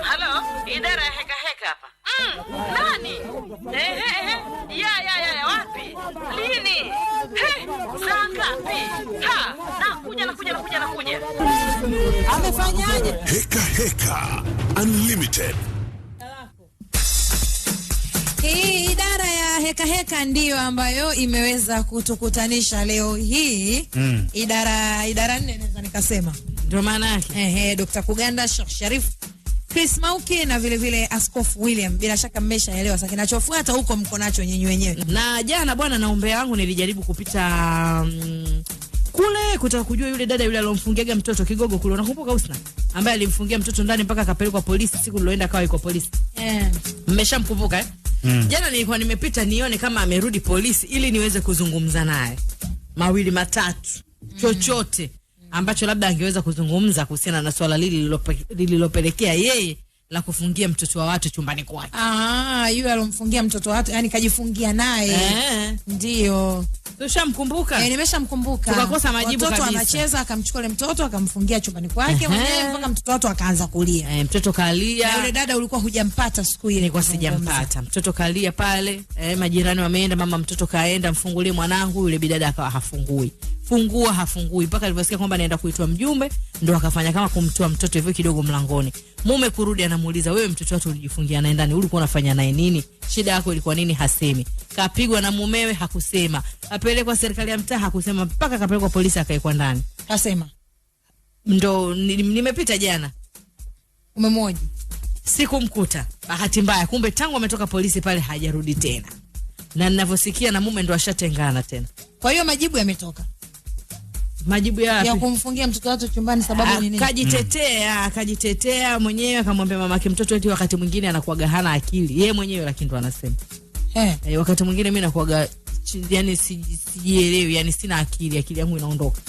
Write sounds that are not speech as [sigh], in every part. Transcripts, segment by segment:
Halo, ah, idara ya heka heka hapa. Mm, nani? Ehe, eh, eh, eh. ya ya ya, ya, wapi? Lini? He, Saa ngapi? Ha, nakuja nakuja nakuja nakuja. Amefanyaje? Heka heka unlimited. Hii idara ya heka heka ndiyo ambayo imeweza kutukutanisha leo hii mm. Idara idara nne naweza nikasema ndio maana yake ehe. Dr. Kuganda Sharif Chris Mauki na vile vile Askofu William, bila shaka mmeshaelewa sasa kinachofuata huko mko nacho nyinyi wenyewe. Na jana bwana, na umbea wangu nilijaribu kupita um, kule kutaka kujua yule dada yule alomfungiaga mtoto kigogo kule, unakumbuka Usna ambaye alimfungia mtoto ndani mpaka akapelekwa polisi, siku niloenda kawa iko polisi yeah. Mmeshamkumbuka eh? Mm. Jana nilikuwa nimepita nione kama amerudi polisi ili niweze kuzungumza naye mawili matatu hmm. chochote mm ambacho labda angeweza kuzungumza kuhusiana na swala lili lililopelekea yeye la kufungia mtoto wa watu chumbani kwake. Ah, yule alomfungia mtoto wa watu, yani kajifungia naye. Eh. Ndio. Tushamkumbuka. Eh, nimeshamkumbuka. Tukakosa majibu kabisa. Mtoto anacheza akamchukua ile mtoto akamfungia chumbani kwake mwenyewe mpaka mtoto wake akaanza kulia. Eh, mtoto kalia. Na yule dada ulikuwa hujampata siku ile. Nilikuwa sijampata. Mtoto kalia pale, eh, majirani wameenda, mama mtoto kaenda, mfungulie mwanangu, yule bidada akawa hafungui fungua hafungui, mpaka alivyosikia kwamba anaenda kuitwa mjumbe, ndo akafanya kama kumtoa mtoto hivyo kidogo mlangoni. Mume kurudi, anamuuliza wewe, mtoto wako ulijifungia naye ndani, ulikuwa unafanya naye nini? Shida yako ilikuwa nini? Hasemi. Kapigwa na mumewe, hakusema. Apelekwa serikali ya mtaa, hakusema, mpaka kapelekwa polisi, akaekwa ndani, hasema. Ndo nimepita ni jana, umemwoji sikumkuta, bahati mbaya. Kumbe tangu ametoka polisi pale hajarudi tena, na ninavyosikia na mume ndo ashatengana tena. Kwa hiyo majibu yametoka majibu ya ya kumfungia mtoto wake chumbani sababu nini? Akajitetea, akajitetea mwenyewe akamwambia mamake mtoto eti wakati mwingine anakuwa hana akili yeye mwenyewe, lakini ndo anasema eh, e, wakati mwingine mimi nakuwa yani sijielewi, yani sina akili, akili yangu inaondoka.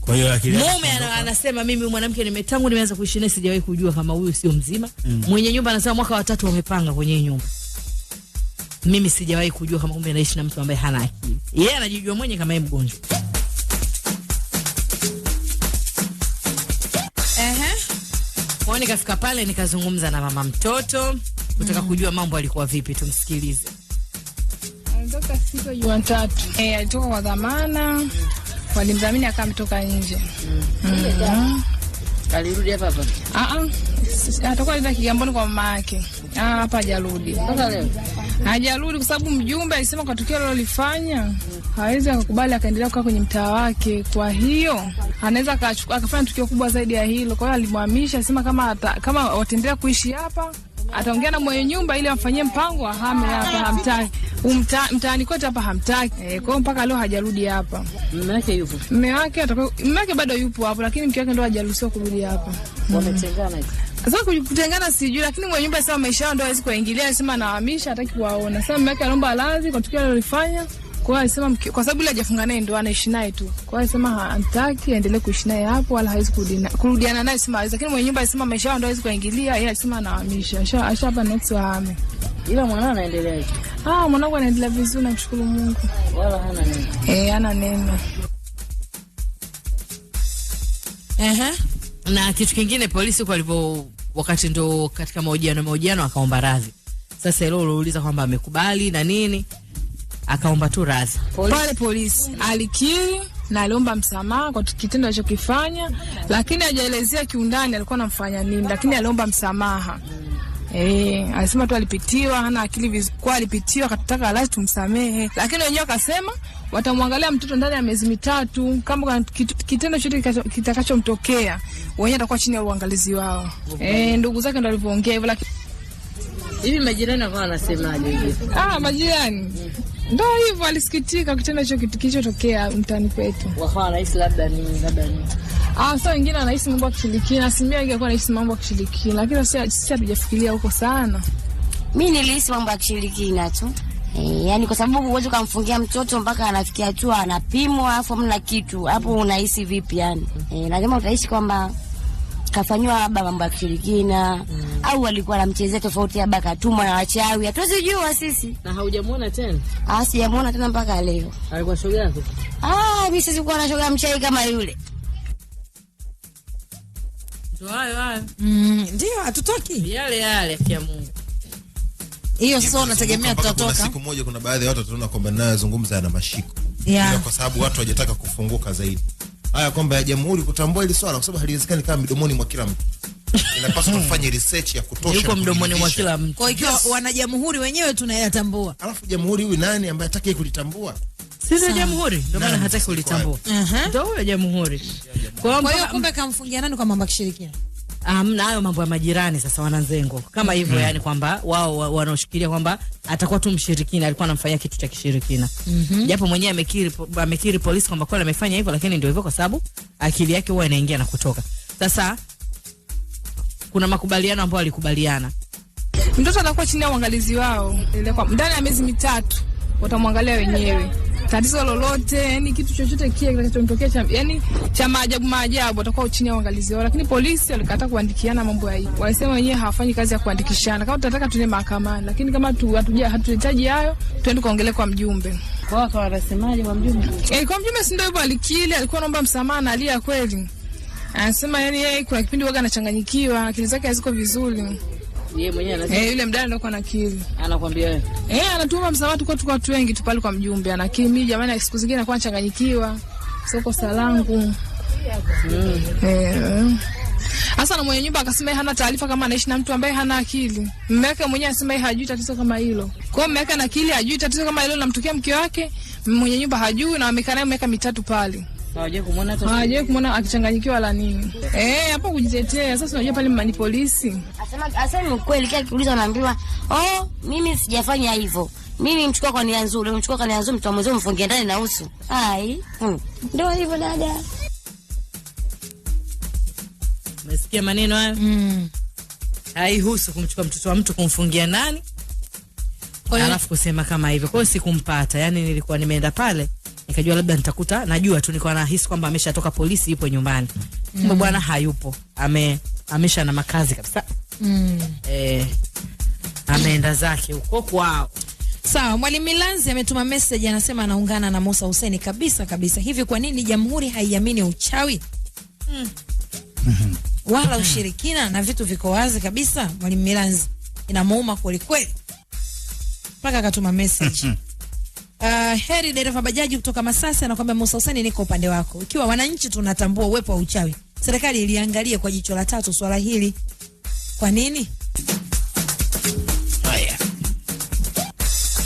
Kwa hiyo akili mume anasema mimi mwanamke nimetangu nimeanza kuishi naye sijawahi kujua kama huyu sio mzima. Mm. Mwenye nyumba anasema mwaka wa tatu wamepanga kwenye nyumba mimi sijawahi kujua kama kumbe anaishi na mtu ambaye hana akili. Yeye anajijua mwenye kama yeye mgonjwa. nikafika pale nikazungumza na mama mtoto kutaka mm. kujua mambo alikuwa vipi. Tumsikilize. Alitoka siku Jumatatu, eh, alitoka kwa dhamana, walimdhamini akamtoka nje mm. mm. alirudi hapa hapa, ah ah, atakuwa alenda Kigamboni kwa mama yake Ah, hapa hajarudi, Sasa leo hajarudi kwa sababu mjumbe alisema kwa tukio alilofanya hawezi akakubali akaendelea kukaa kwenye mtaa wake. Kwa hiyo anaweza akafanya tukio kubwa zaidi ya hilo. Kwa hiyo alimhamisha, alisema kama, ata, kama wataendelea kuishi hapa ataongea na mwenye nyumba ili amfanyie mpango wa hame hapa, hamtaki mtaani kwetu hapa, hamtaki e. Kwa hiyo mpaka leo hajarudi hapa. Mume wake yupo? Mume wake atakuwa mume wake bado yupo hapo, lakini mke wake ndo hajaruhusiwa kurudi hapa. Wametengana. Sasa kujitengana sijui, lakini mwenye nyumba sasa maisha ndio hawezi kuingilia, anasema anawahamisha, hataki kuwaona. Sasa mke anaomba radhi kwa tukio alilofanya, kwa hiyo alisema kwa sababu ile hajafunga naye ndio anaishi naye tu. Kwa hiyo alisema hataki aendelee kuishi naye hapo wala hawezi kurudiana naye sema hawezi, lakini mwenye nyumba alisema maisha ndio hawezi kuingilia, yeye alisema anawahamisha. Asha asha hapa notes waame. Ila mwanao anaendeleaje? Ah, mwanangu anaendelea vizuri na kushukuru Mungu. Wala hana neno. Eh, hana neno. Eh, uh -huh na kitu kingine polisi huko alivyo, wakati ndo katika mahojiano mahojiano, akaomba radhi. Sasa hilo uliuliza kwamba amekubali na nini, akaomba tu radhi pale. Polisi alikiri na aliomba msamaha kwa kitendo alichokifanya, lakini hajaelezea kiundani alikuwa anamfanya nini, lakini aliomba msamaha. Eh, alisema tu alipitiwa, hana akili vizuri, kwa alipitiwa akataka lazima tumsamehe. Lakini wenyewe akasema watamwangalia mtoto ndani ya miezi mitatu, kama kitendo chote kitakachomtokea wenyewe atakuwa chini ya uangalizi wao. Eh, ndugu zake ndo alivyoongea hivyo lakini Hivi majirani wao wanasemaje hivi? Ah, majirani. Ndio hivyo alisikitika kitendo hicho kilichotokea mtaani kwetu. Wakawa wanahisi labda ni labda ni. Ah, sasa wengine wanahisi mambo ya kishirikina, asilimia wengi walikuwa wanahisi mambo ya kishirikina, lakini sasa sisi hatujafikiria huko sana. Mimi nilihisi mambo ya kishirikina tu. E, yani kwa sababu huwezi ukamfungia mtoto mpaka anafikia hatua anapimwa afu amna kitu hapo, unahisi vipi yani? E, lazima utahisi kwamba kafanywa labda mambo ya kishirikina mm. au alikuwa anamchezea tofauti, labda katumwa na wachawi, hatuwezijua sisi. Na haujamuona tena? Ah, sijamuona tena mpaka leo. Alikuwa shoga yako? Ah, mimi siwezi kuwa na shoga mchai kama yule hayo hayo mm, ndio, hatutoki yale yale ya Mungu hiyo. Sasa unategemea tutatoka siku moja? Kuna baadhi ya watu tunaona kwamba nazungumza na mashiko yeah, kwa sababu watu hawajataka kufunguka zaidi haya kwamba ya jamhuri kutambua hili swala, kwa sababu haliwezekani kama midomoni mwa kila mtu. Inapaswa kufanya hmm. research ya kutosha kwa mdomoni mwa kila mtu, kwa hiyo yes. Wanajamhuri wenyewe tunayatambua, alafu jamhuri huyu nani ambaye hataki kulitambua? sisi za jamhuri, ndio maana hataki kulitambua. Ndio huyo jamhuri. Kwa hiyo kumbe kamfungia nani kwa mambo ya kishirikiana? Amna um, hayo mambo ya majirani sasa wananzengo kama hivyo mm -hmm. Yani kwamba wao wanaoshikilia kwamba atakuwa tu mshirikina, alikuwa anamfanyia kitu cha kishirikina mm -hmm. Japo mwenyewe amekiri, amekiri polisi kwamba kweli amefanya hivyo, lakini ndio hivyo, kwa sababu akili yake huwa inaingia na kutoka. Sasa kuna makubaliano ambayo alikubaliana, mtoto anakuwa chini ya uangalizi wao ndani ya miezi mitatu, watamwangalia wenyewe tatizo lolote, yani kitu chochote kile kitakachomtokea cha, yani cha maajabu maajabu, atakuwa chini ya uangalizi wao. Lakini polisi walikataa kuandikiana mambo ya walisema wenyewe hawafanyi kazi ya kuandikishana. Kama tutataka tuende mahakamani, lakini kama tu hatuja hatuhitaji hayo, twende kuongelea kwa mjumbe Kwa wao. Wanasemaje kwa mjumbe? Eh, kwa mjumbe si ndio hivyo, alikili alikuwa anaomba msamaha na alia kweli, anasema yani yeye kuna kipindi waga anachanganyikiwa, akili zake haziko vizuri yeye mwenyewe anasema. Eh, yule mdada ndio anakiri. Anakuambia wewe. Eh, anatuma msamaha tu kwa tuko watu wengi tu pale kwa mjumbe anakiri mimi jamani siku zingine anakuwa anachanganyikiwa. Soko salangu. Mm. Hasa na mwenye nyumba akasema hana taarifa kama anaishi na mtu ambaye hana akili. Mume wake mwenyewe anasema hajui tatizo kama hilo. Kwa hiyo mume wake ana akili hajui tatizo kama hilo namtukia mke wake, mwenye nyumba hajui na wamekaa naye miaka mitatu pale. Hawajui kumwona akichanganyikiwa la nini. Eh, hapo kujitetea. Sasa unajua pale mmanyi polisi. Asema asema ukweli, kila kiuliza anaambiwa, "Oh, mimi sijafanya hivyo." Mimi mchukua kwa nia nzuri, mchukua kwa nia nzuri, mtu mzee mfungie ndani na usu. Ai. Hmm. Ndio hivyo dada. Umesikia maneno hayo? Mm. Haihusu kumchukua mtoto wa mtu kumfungia ndani. Alafu kusema kama hivyo. Kwa hiyo sikumpata. Yaani nilikuwa nimeenda pale nikajua labda nitakuta, najua tu nilikuwa nahisi kwamba ameshatoka polisi, yupo nyumbani. Kumbe mm. bwana hayupo. Ame amesha na makazi kabisa mm. Eh, ameenda zake huko kwao. Sawa, Mwalimu Milanzi ametuma message anasema anaungana na Musa Hussein kabisa kabisa. Hivi kwa nini jamhuri haiamini uchawi? Mm. Mm-hmm. Wala mm-hmm. ushirikina na vitu viko wazi kabisa. Mwalimu Milanzi inamuuma kweli kweli. Mpaka akatuma message. Uh, [laughs] heri dereva bajaji kutoka Masasi anakuambia Musa Hussein niko upande wako. Ikiwa wananchi tunatambua uwepo wa uchawi, serikali iliangalie kwa jicho la tatu swala hili. Kwa nini? Haya,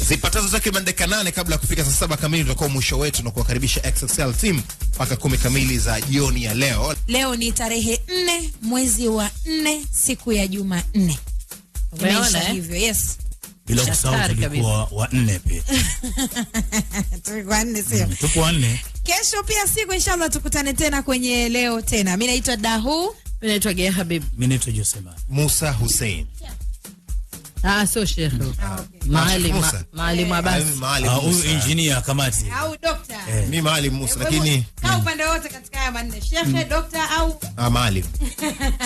zipatazo zake mandeka nane kabla ya kufika saa saba kamili tutakuwa mwisho wetu na kuwakaribisha xsl team mpaka kumi kamili za jioni ya leo. Leo ni tarehe nne mwezi wa nne siku ya juma nne. Umeona eh? hivyo? Yes bila kusahau tulikuwa wanne pia [laughs] tulikuwa nne sio? Mm, tuko Kesho pia siku inshallah tukutane tena kwenye leo tena. Mimi naitwa Dahu Naitwa Gea Habib. Mimi naitwa Josema. Musa Hussein. Ah, so sheikh. Mm. Ah, ah, Maalim Maalim eh, Abbas. Au ah, engineer kamati. Au doctor. Eh. Mimi Maalim Musa eh, lakini. Kwa mm. upande wote katika haya manne, sheikh, mm. doctor au Ah, Maalim. [laughs]